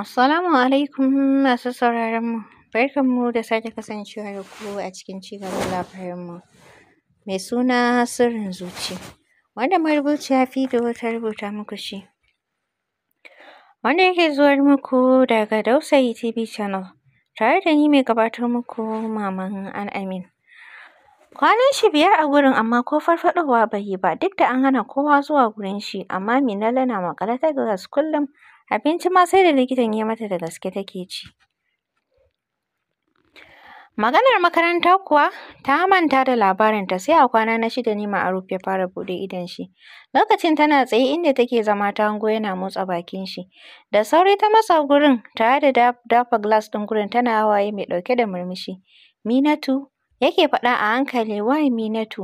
Assalamu alaikum masu sauraron mu. Barkan mu da sake kasancewa da ku a cikin cigaban labarin mu. Mai suna sirrin zuci. Wanda marubuciya Fido ta rubuta muku shi. Wanda yake zuwa muku daga Dausayi TV Channel. Tare da ni mai gabatar muku Maman amin. Kwanan shi biyar a gurin amma ko farfadowa bai yi ba duk da an hana kowa zuwa gurin shi amma Minalla na makalata ta gas kullum. Abinci ma sai da likitan ya mata da gaske take ci. Maganar makaranta kuwa ta manta da labarinta sai a kwana na shida ne Ma'aruf ya fara buɗe idon shi. Lokacin tana tsaye inda take zama ta hango yana motsa bakin shi. Da sauri ta matsa gurin tare da dafa glass ɗin gurin tana hawaye mai ɗauke da murmushi. Minatu yake faɗa a hankali wai Minatu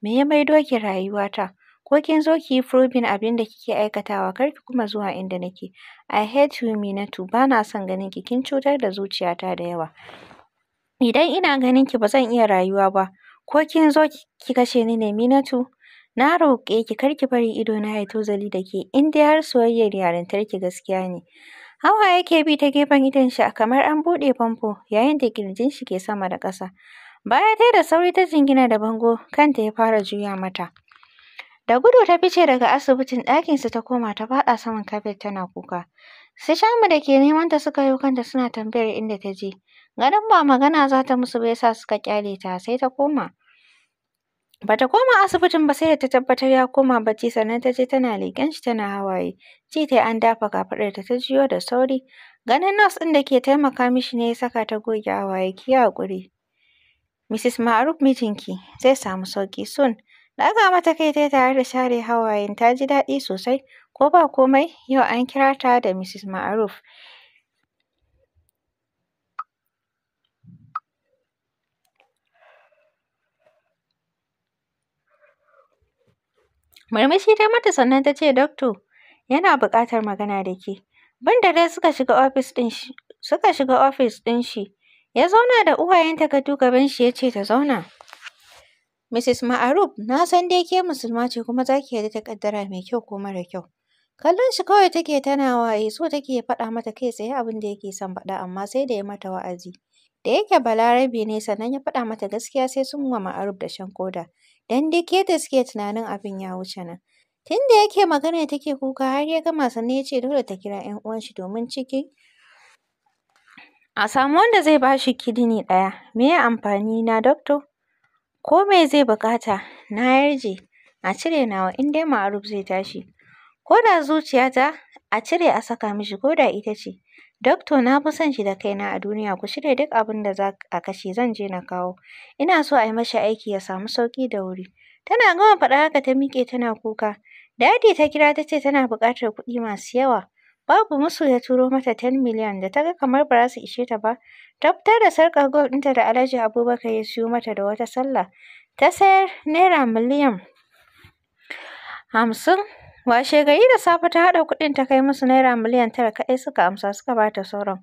me ya maido ki rayuwata? Ko kin zo ki yi probing abin da kike aikatawa kar ki kuma zuwa inda nake. I hate you Minatu, ba na son ganin ki, kin cutar da zuciyata da yawa. Idan ina ganin ki ba zan iya rayuwa ba. Ko kin zo ki kashe ni ne Minatu? Na roƙe ki kar ki bari na ya tozali da ke in dai har soyayyar yarintar ki gaskiya ne. Hawa yake bi ta gefen idon shi kamar an buɗe famfo yayin da ƙirjin shi ke sama da ƙasa. Baya dai da sauri ta jingina da bango kanta ya fara juya mata. Da gudu ta fice daga asibitin ɗakinsu ta koma ta faɗa saman kafet tana kuka. Sai Shamu da ke neman ta suka yo kanta suna tambayar inda ta je. Ganin ba magana za ta musu ba sa suka kyale ta sai ta koma. Ba ta koma asibitin ba sai da ta tabbatar ya koma bacci sannan ta je tana leƙen shi tana hawaye. Ji ta an dafa kafaɗarta ta jiyo da sauri. Ganin nos ɗin da ke taimaka mishi ne ya saka ta goge hawaye ki yi haƙuri. Mrs. Ma'aruf mijinki zai samu sauƙi sun. Ɗaga mata kai ta tare da share hawayen ta ji daɗi sosai, ko ba komai yau an kira ta da Mrs. Ma'aruf. Murmushi ta mata sannan ta ce, Dokto yana buƙatar magana da ke. Banda dai suka shiga ofis ɗin shi, suka shiga ofis ɗin shi. Ya zauna da uwayenta gado gaban shi ya ce ta zauna. Mrs. Ma'arub, na san dai ke musulma ce kuma za ki yarda da kaddara mai kyau ko mara kyau. Kallon shi kawai take tana waye so take faɗa mata kai tsaye abin da yake son faɗa amma sai da ya mata wa'azi. Da yake Balarabe ne sannan ya faɗa mata gaskiya sai sun wa Ma'arub da shan koda. Dan ke da suke tunanin abin ya wuce nan. Tun da yake magana take kuka har ya gama sannan ya ce dole ta kira 'yan uwan shi domin ciki a samu wanda zai ba shi kidini ɗaya. Me ya amfani na doctor? ko me zai buƙata na yarje a cire nawa in dai ma'aruf zai tashi ko da zuciyata a cire a saka mishi ko da ita ce doctor na fi son shi da kaina a duniya ku shirya duk abin da za a kashe zan je na kawo ina so a yi mashi aiki ya samu sauƙi da wuri tana gama faɗa haka ta miƙe tana kuka dadi ta kira ta ce tana buƙatar kuɗi masu yawa Babu musu ya turo mata ten miliyan da ta ga kamar ba za su ishe ta ba, ta fitar da sarƙar gwal ɗinta da Alhaji Abubakar ya siyo mata da wata sallah, ta sayar Naira miliyan hamsin. gari da safe ta haɗa kuɗin ta kai musu Naira miliyan tara kaɗai suka amsa suka ba ta sauran.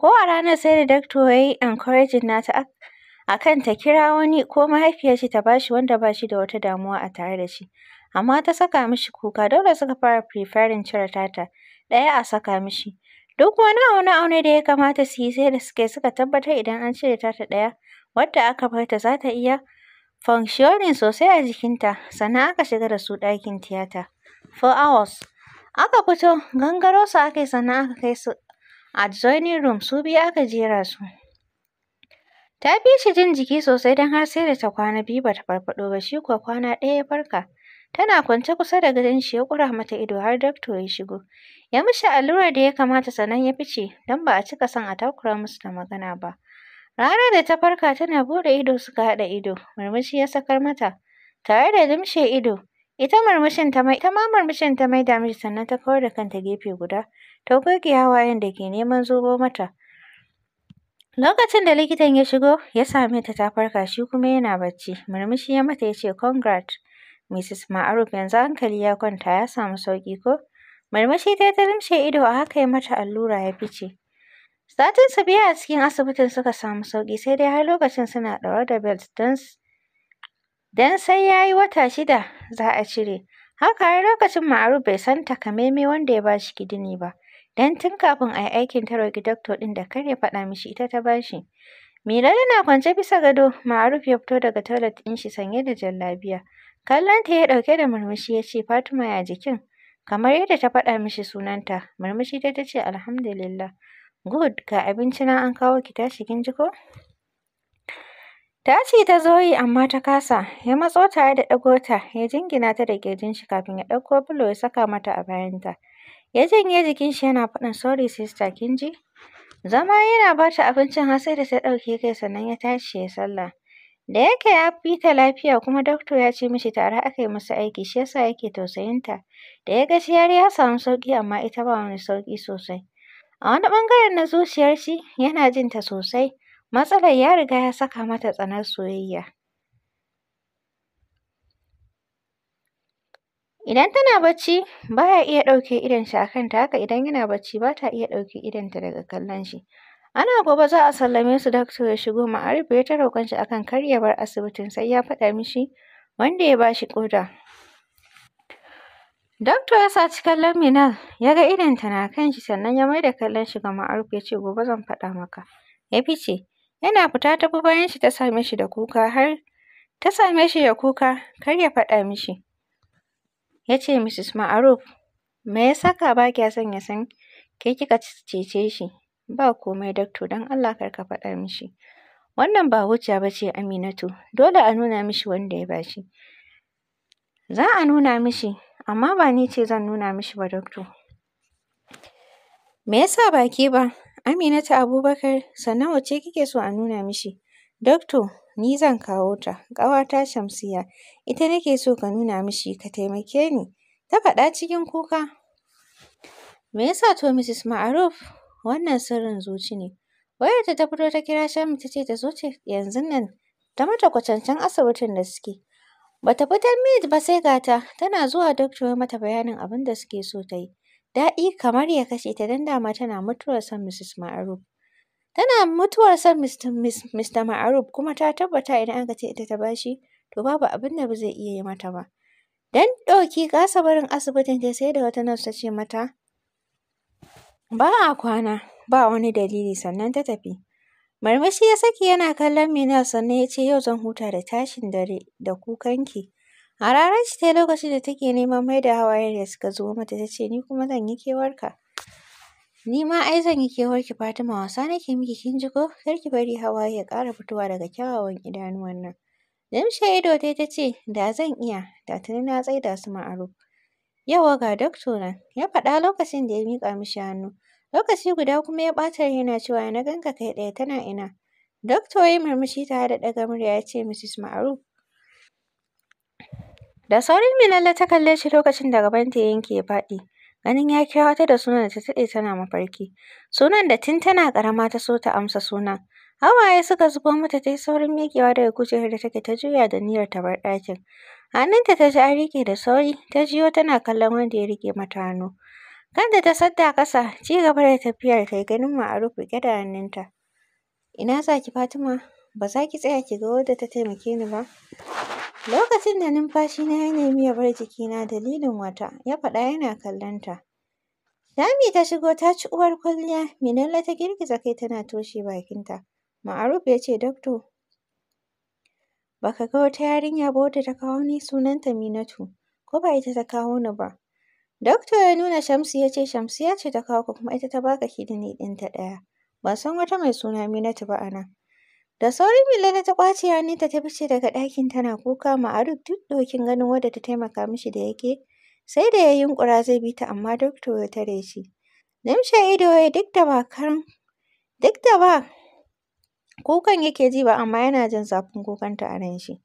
Ko a ranar sai da dakto ya yi encouraging nata a kan ta kira wani ko mahaifiyar shi ta bashi wanda ba shi da wata damuwa a tare da shi. amma ta saka mishi kuka dole suka fara preferring cire tata ɗaya a saka mishi duk wani aune-aune da ya kamata su yi sai da suke suka tabbatar idan an cire tata ɗaya wadda aka bar ta za ta iya functioning sosai a jikinta sannan aka shiga da su ɗakin tiyata for hours aka fito gangaro su aka yi sannan aka kai su adjoining room su biyu aka jera su ta fi shi jin jiki sosai don har sai da ta kwana biyu ba ta farfaɗo ba shi kuwa kwana ɗaya ya farka Tana kwance kusa da gadon shi ya ƙura mata ido har dakto ya shigo. Ya mishi allurar da ya kamata sannan ya fice don ba a cika son a takura musu da magana ba. Ranar da ta farka tana buɗe ido suka haɗa ido, murmushi ya sakar mata. Tare da limshe ido, ita murmushin ta mai, ita ma murmushin ta maida mishi sannan ta kawar da kanta gefe guda, ta goge hawayen da ke neman zubo mata. Lokacin da likitan ya shigo, ya same ta ta farka shi kuma yana bacci. Murmushi ya mata ya ce, Congrats. Mrs. Ma'aruf yanzu hankali ya kwanta ya samu sauƙi ko? Marmashi ta ta limshe ido a haka ya mata allura ya fice. Satinsu biyu a cikin asibitin suka samu sauƙi sai dai har lokacin suna ɗaure da belt don sai ya yi wata shida za a cire. Haka har lokacin Ma'aruf bai san takamaime wanda ya bashi shi kidini ba. Don tun kafin a yi aikin ta roƙi doctor ɗin da kar ya faɗa mishi ita ta ba shi. Mila yana kwance bisa gado, Ma'aruf ya fito daga toilet ɗin shi sanye da jallabiya. Kallonta ya ɗauke da murmushi ya ce, Fatima ya jikin? Kamar yadda ta faɗa mishi sunanta, murmushi ta ce, Alhamdulillah. Good, ga abinci na an kawo ki tashi kin ji ko? Ta ce ta zo yi amma ta kasa, ya matso tare da ɗagota, ya jingina ta da ƙirjin shi kafin ya ɗauko bulo ya saka mata a bayanta. Ya janye jikin shi yana faɗin sorry sister kin ji? Zama yana ba ta abincin har sai da ta ɗauke kai sannan ya tashi ya sallah. Da yake ya fi lafiya kuma doctor ya ce mishi tare aka yi musu aiki shi yasa yake tausayinta. Da ya ga shi har ya samu sauki amma ita ba wani sauƙi sosai. A wani ɓangaren na zuciyar shi yana jin ta sosai. Matsalar ya riga ya saka mata tsanar soyayya. Idan tana bacci baya iya ɗauke idon shi a kanta haka idan yana bacci bata iya ɗauke idonta daga kallon shi. Ana gobe za a sallame su Dakto ya shigo Ma'arifu ya ta roƙon shi akan kar ya bar asibitin sai ya faɗa mishi wanda ya bashi shi ƙoda. ya saci kallon Minna ya ga idonta na kan shi sannan ya maida kallon shi ga Ma'aruf ya ce gobe zan faɗa maka. Ya fice yana fita ta bi bayan shi ta same shi da kuka har ta same shi da kuka kar ya faɗa mishi. Ya ce Mrs. Ma'aruf me ya saka ba kya son ya san ke kika cece shi Ba komai dakto don Allah kar ka faɗa mishi. Wannan ba hujja ba ce Aminatu, dole a nuna mishi wanda ya bashi. Za a nuna mishi, amma ba ni ce zan nuna mishi ba dakto. Me yasa ba ke ba? Aminatu Abubakar, sannan wacce kike so a nuna mishi? Dakto, ni zan kawo ta, ƙawata Shamsiyya, ita nake so ka nuna mishi ka taimake ni. Ta faɗa cikin kuka. Me yasa to Mrs. Ma'aruf? wannan sirrin zuci ne. Wayarta ta fito ta kira Shamim ta ce ta zo ce yanzu nan ta mata kwatancen asibitin da suke. Ba Bata fitar minit ba sai ga ta tana zuwa doctor ya mata bayanin abin da suke so ta yi. Daɗi kamar ya kashe ta don dama tana mutuwar son Mrs. Ma'aruf. Tana mutuwar son Mr. Ma'aruf kuma ta tabbata idan aka ce ita ta bashi to babu abin da ba zai iya yi mata ba. Dan ɗauki kasa barin asibitin ta sai da wata nurse ta ce mata Ba a kwana, ba wani dalili sannan ta tafi. Marmashi ya saki yana kallon Minal sannan ya ce yau zan huta da tashin dare da kukanki. ranar shi ta lokacin da take neman mai da hawayen da suka zo mata ta ce ni kuma zan yi kewarka. Ni ma ai zan yi kewarki Fatima wasa nake miki kin ji ko kar ki bari hawaye ya ƙara fitowa daga kyawawan idanuwan nan. Limshe ido ta ce da zan iya da tuni na tsaida su ma'aruf. Yauwa ga doctor ya faɗa lokacin da ya miƙa mishi hannu. Lokaci guda kuma ya ɓata yana cewa na ganka kai ɗaya tana ina. Doctor ya murmushi tare da ɗaga murya ya ce Mrs. Ma'ruf. Da sauri Minalla ta kalle shi lokacin da gabanta ya yanke ya faɗi. Ganin ya kira wata da sunan da ta taɗe tana mafarki. Sunan da tun tana ƙarama ta so ta amsa sunan. Hawaye suka zubo mata ta yi saurin miƙewa daga kujerar da take ta juya da niyyar ta bar ɗakin. Hannunta ta ji riƙe da sauri, ta jiyo tana kallon wanda ya riƙe mata hannu. Kanta ta sadda ƙasa, ci gaba da tafiyar kai ganin Ma'aruf riƙe da hannunta. Ina zaki Fatima? Ba za tsaya ki ga wadda ta taimake ni ba? Lokacin da numfashina ya nemi ya bar jikina dalilin wata, ya faɗa yana kallon ta. Dami ta shigo ta ci uwar kwalliya, Minalla ta girgiza kai tana toshe bakinta. Ma'aruf ya ce, dakto Baka ga wata yarinya ba wadda ta kawo ni sunanta Minatu. Ko ba ita ta kawo ni ba? Dokta ya nuna Shamsu ya ce Shamsiya ce ta kawo ka kuma ita ta baka kidini dinta ta ɗaya. Ban san wata mai suna Minatu ba a Da sauri Milena ta ƙwace hannunta ta fice daga ɗakin tana kuka Ma'aruf duk dokin ganin wadda ta taimaka mishi da yake. Sai da ya yunkura zai bi ta amma Dokta ya tare shi. Limshe ido ya duk da ba karan duk da ba Kukan yake ji ba amma yana jin zafin kukanta a ran shi.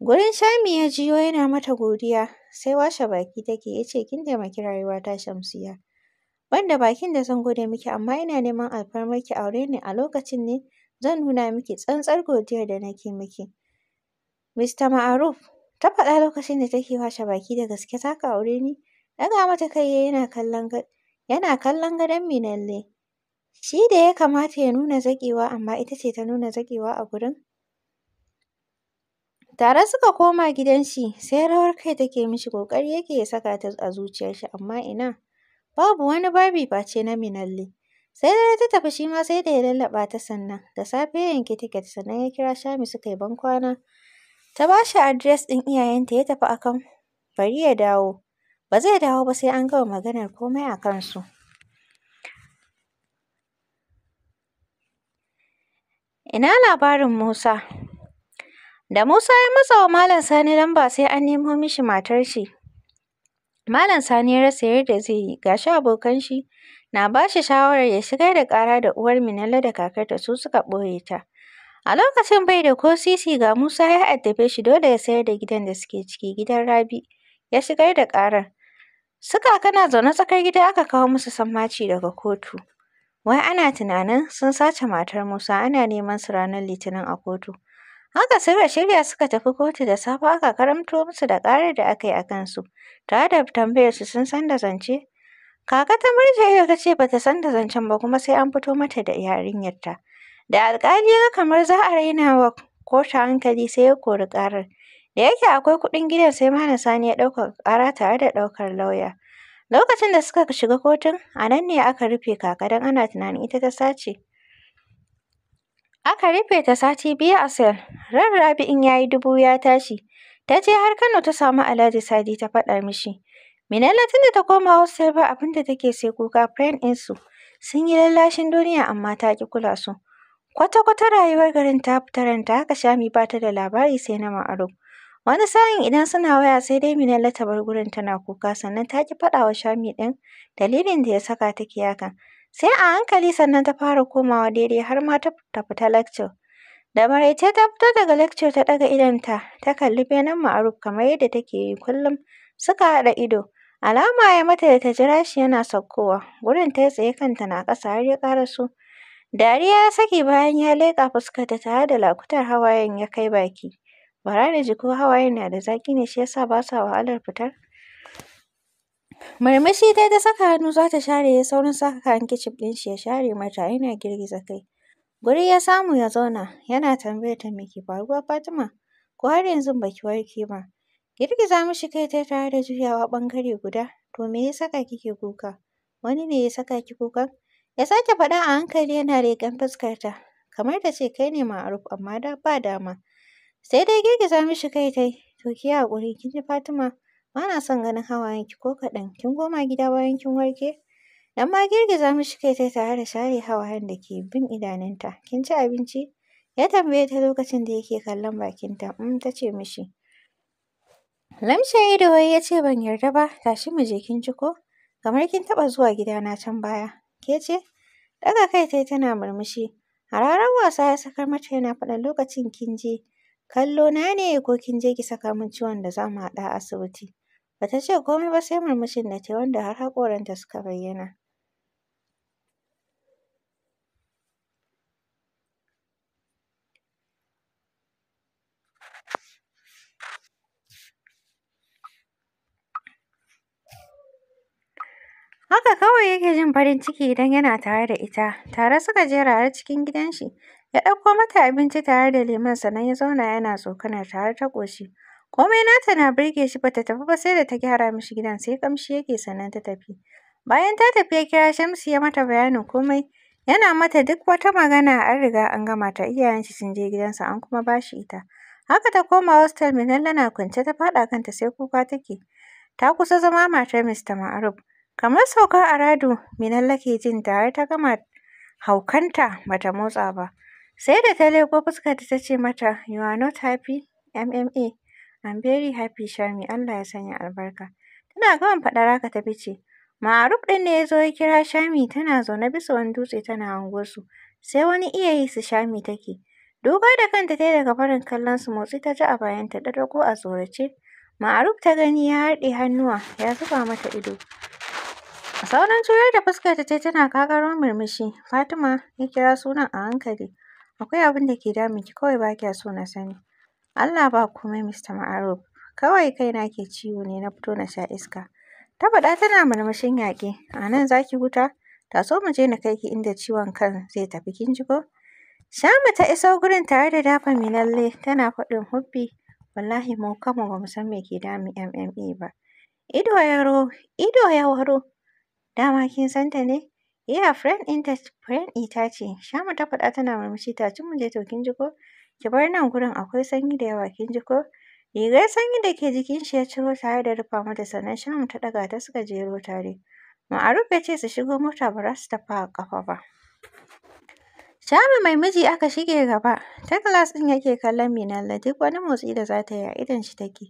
Gurin Shami ya jiyo yana mata godiya sai washe baki take ya ce kin taimaki rayuwata Shamsiyya. Ban da bakin da zan gode miki amma ina neman alfarmar aure ni a lokacin ne zan nuna miki tsantsar godiyar da nake miki. Mista Ma'aruf ta faɗa lokacin da take washe baki da gaske za ka aure ni? Ɗaga mata kai yana kallon yana kallon gadon Minalle. Shi da ya kamata ya nuna zaƙewa amma ita ce ta nuna zaƙewa a gurin. Tare suka koma gidan shi sai rawar kai take mishi ƙoƙari yake ya saka ta a zuciyar shi amma ina. Babu wani babi face na Minalli. Sai dare ta tafi shi ma sai da ya lallaɓa ta sannan. Da safe ya yanki tiket sannan ya kira Shami suka yi kwana Ta ba shi adires ɗin iyayenta ya tafi akan bari ya dawo. Ba zai dawo ba sai an gama maganar komai a kansu. Ina labarin Musa? Da Musa ya matsa wa Malam Sani lamba sai an nemo mishi matar shi. Malam Sani ya rasa yadda zai yi, ga shi abokan shi na ba shi shawarar ya shigar da ƙara da uwar Minalla da kakarta su suka ɓoye ta. A lokacin bai da ko sisi ga Musa ya addabe shi dole ya sayar da gidan da suke ciki gidan Rabi, ya shigar da ƙarar. Su kaka na zaune tsakar gida aka kawo musu sammaci daga kotu. Wai ana tunanin sun sace matar Musa ana neman su ranar Litinin a kotu. Haka suka shirya suka tafi kotu da safe aka karanto musu da ƙarar da aka yi a kansu, tare da tambayar su sun san da zance. Kaka ta murje ta ce ba ta san da zancen ba kuma sai an fito mata da yarinyarta. Da alƙali ya ga kamar za a raina wa kotu hankali sai ya kori ƙarar. Da yake akwai kuɗin gidan sai Malam Sani ya ɗaukaka ƙara tare da ɗaukar lauya. Lokacin da suka shiga kotun, a nan ne aka rufe Kaka don ana tunanin ita ta sace. Aka rufe ta sati biyu a sel. Ran in ya yi dubu ya tashi. Ta je har Kano ta samu Alhaji Sadi ta faɗa mishi. Minalla tunda ta koma hostel ba abin da take sai kuka friend ɗinsu. Sun yi lallashin duniya amma ta ƙi kula su. Kwata-kwata rayuwar garin ta fita ranta haka Shami ba ta da labari sai na ma'aro. Wani sa'in idan suna waya sai dai Minella ta bar gurin tana kuka sannan ta ki faɗa wa Shami ɗin dalilin da ya saka ta ƙi Sai a hankali sannan ta fara komawa daidai har ma ta fita lecture. Da maraice ta fito daga lecture ta ɗaga idonta ta kalli benen Ma'aruf kamar yadda take yi kullum suka haɗa ido. Alama ya mata da ta jira shi yana saukowa. Gurin ta yi tsaye kanta na ƙasa har ya ƙaraso. Dariya ya saki bayan ya leƙa fuskarta tare da lakutar hawayen ya kai baki. Bara da hawaye hawayen na da zaƙi ne shi yasa sa ba sa wahalar fitar. Marmashi dai ta saka hannu za ta share ya saurin saka hankicif ɗin shi ya share mata yana girgiza kai. Guri ya samu ya zauna yana tambayar ta me ke faruwa Fatima ko har yanzu ba ki warke ba. Girgiza mishi kai ta tare da juyawa ɓangare guda to me ya saka kike kuka? Wani ne ya saka ki kuka? Ya sake faɗa a hankali yana leƙen fuskarta. kamar ta ce kai ne ma'aruf amma da ba dama. sai dai girgiza mishi kai tai yi to ki yi haƙuri kin ji Fatima ba na son ganin hawayenki ko kaɗan kin koma gida bayan kin warke dan ma girgiza mishi kai ta tare da share hawayen da ke bin idanunta kin ci abinci ya tambaye ta lokacin da yake kallon bakinta um ta ce mishi lamshe ido ya ce ban yarda ba tashi mu je kin ci ko kamar kin taɓa zuwa gidana can baya ke ce daga kai tai tana murmushi A ranar wasa ya sakar mata yana faɗan lokacin kin je kallo na ne ko kin je ki saka min ciwon da za mu haɗu a asibiti? Ba ta ce komai ba sai murmushin da ta yi wanda har haƙoranta suka bayyana. Haka kawai yake jin farin ciki idan yana tare da ita, tare suka je rayuwar cikin gidan shi. Ya ɗauko mata abinci tare da lemon sannan ya zauna yana tsokanar ta har ta ƙoshi. Komai nata na birge shi bata tafi ba sai da ta gyara mishi gidan sai ƙamshi yake sannan ta tafi. Bayan ta tafi ya kira Shamsu ya mata bayanin komai. Yana mata duk wata magana an riga an gama ta iyayen shi sun je gidansa an kuma ba shi ita. Haka ta koma hostel Minalla na kwance ta faɗa kanta sai kuka take. Ta kusa zama matar Mr. Ma'aruf. Kamar sauka a rado Minalla ke jin ta har ta gama haukanta bata motsa ba. Sai da ta leƙo fuskarta ta ce mata, “You are not happy, MMA? I'm very happy, Charmy. Allah ya sanya albarka.” Tana gama faɗar haka ta fice. Ma'aruf ɗin ne ya zo ya kira Shami tana zaune bisa wani dutse tana hango Sai wani iya yi su Shami take. Duba da kanta ta yi daga farin kallon su motsi ta ji a bayanta ta ko a tsorace. Ma'aruf ta gani ya haɗe hannuwa ya zuba mata ido. Sauran juyar da fuskarta ta tana kakaro murmushi. Fatima ya kira sunan a hankali. Akwai abin da ke ki kawai ba kya so na sani. Allah ba komai Mr. Ma'aruf. Kawai kaina ke ciwo ne na fito na sha iska. Ta faɗa tana murmushin yaƙi. A nan za ki huta? Taso mu je na kai ki inda ciwon kan zai tafi kin ji ko? Shama ta iso gurin tare da dafa mai lalle tana faɗin hubbi. Wallahi mu kanmu ba mu san me ke damun MMA e ba. Ido ya ido ya waro. Dama kin santa ne? iya friend ɗinta friend ɗita ce, Shamu ta faɗa tana murmushi tacin mu je to kin ji ko? Ki bar nan gurin akwai sanyi da yawa kin ji ko? Rigar sanyi da ke jikin shi ya ciro tare da rufa mata sannan Shamu ta ɗaga ta suka jero tare. Ma'aruf ya ce su shigo mota ba za su tafi a ba. Shamu mai miji aka shige gaba, ta glass ɗin yake kallon Minalla duk wani motsi da za ta yi a idon shi take.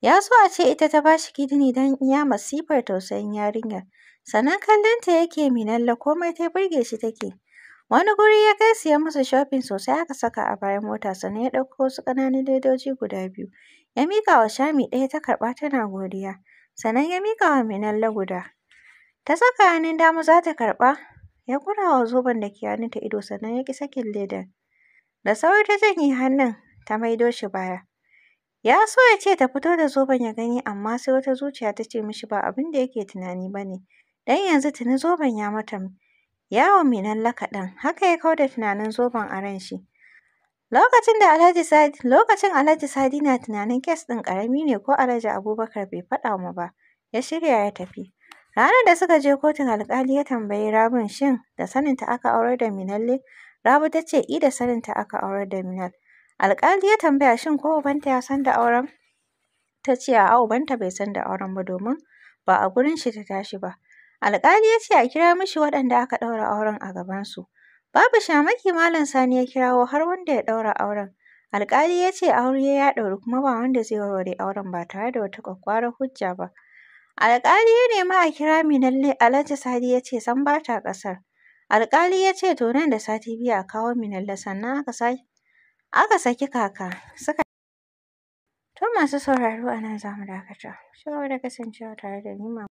Ya so a ce ita ta ba shi kidini don iya masifar tausayin yarinyar. Sannan kallonta yake minalla komai ta burge shi take. Wani guri ya kai siya masa shopping sosai aka saka a bayan mota sannan ya ɗauko wasu ƙananan ledoji guda biyu. Ya miƙa wa Shami ɗaya ta karɓa tana godiya. Sannan ya miƙa wa Minalla guda. Ta saka hannun dama za ta karɓa. Ya ƙura wa zoben da ke hannunta ido sannan ya ƙi sakin ledar. Da sauri ta janye hannun ta maido shi baya. Ya so ya ce ta fito da zoben ya gani amma sai wata zuciya ta ce mishi ba abin da yake tunani ba ne, Dan yanzu tuni zoben ya mata yawon minan lakaɗan, haka ya kau da tunanin zoben a ran shi. Lokacin da Alhaji Sadi, lokacin Alhaji Sadi na tunanin kes ɗin ƙarami ne ko Alhaji Abubakar bai faɗa mu ba, ya shirya ya tafi. Ranar da suka je kotun alƙali ya tambayi Rabin shin da saninta aka aurar da Minalle? Rabi ta ce i da saninta aka aurar da Minal. Alƙali ya tambaya shin ko ubanta ya san da auren? Ta ce a'a ubanta bai san da auren ba domin ba a gurin shi ta tashi ba. Alƙali ya ce a kira mishi waɗanda aka ɗaura auren a gabansu. Babu shamaki Malam Sani ya kirawo har wanda ya ɗaura auren. Alƙali ya ce aure ya ɗauri kuma ba wanda zai warware auren ba tare da wata ƙwaƙƙwarar hujja ba. Alƙali ya nemi a kira Minalle Alhaji Sadi ya ce sam ba ta ƙasar. Alƙali ya ce to nan da sati biyu a kawo Minalle sannan aka sake aka saki kaka suka To masu sauraro a nan za mu dakata. Ci da kasancewa tare da ni.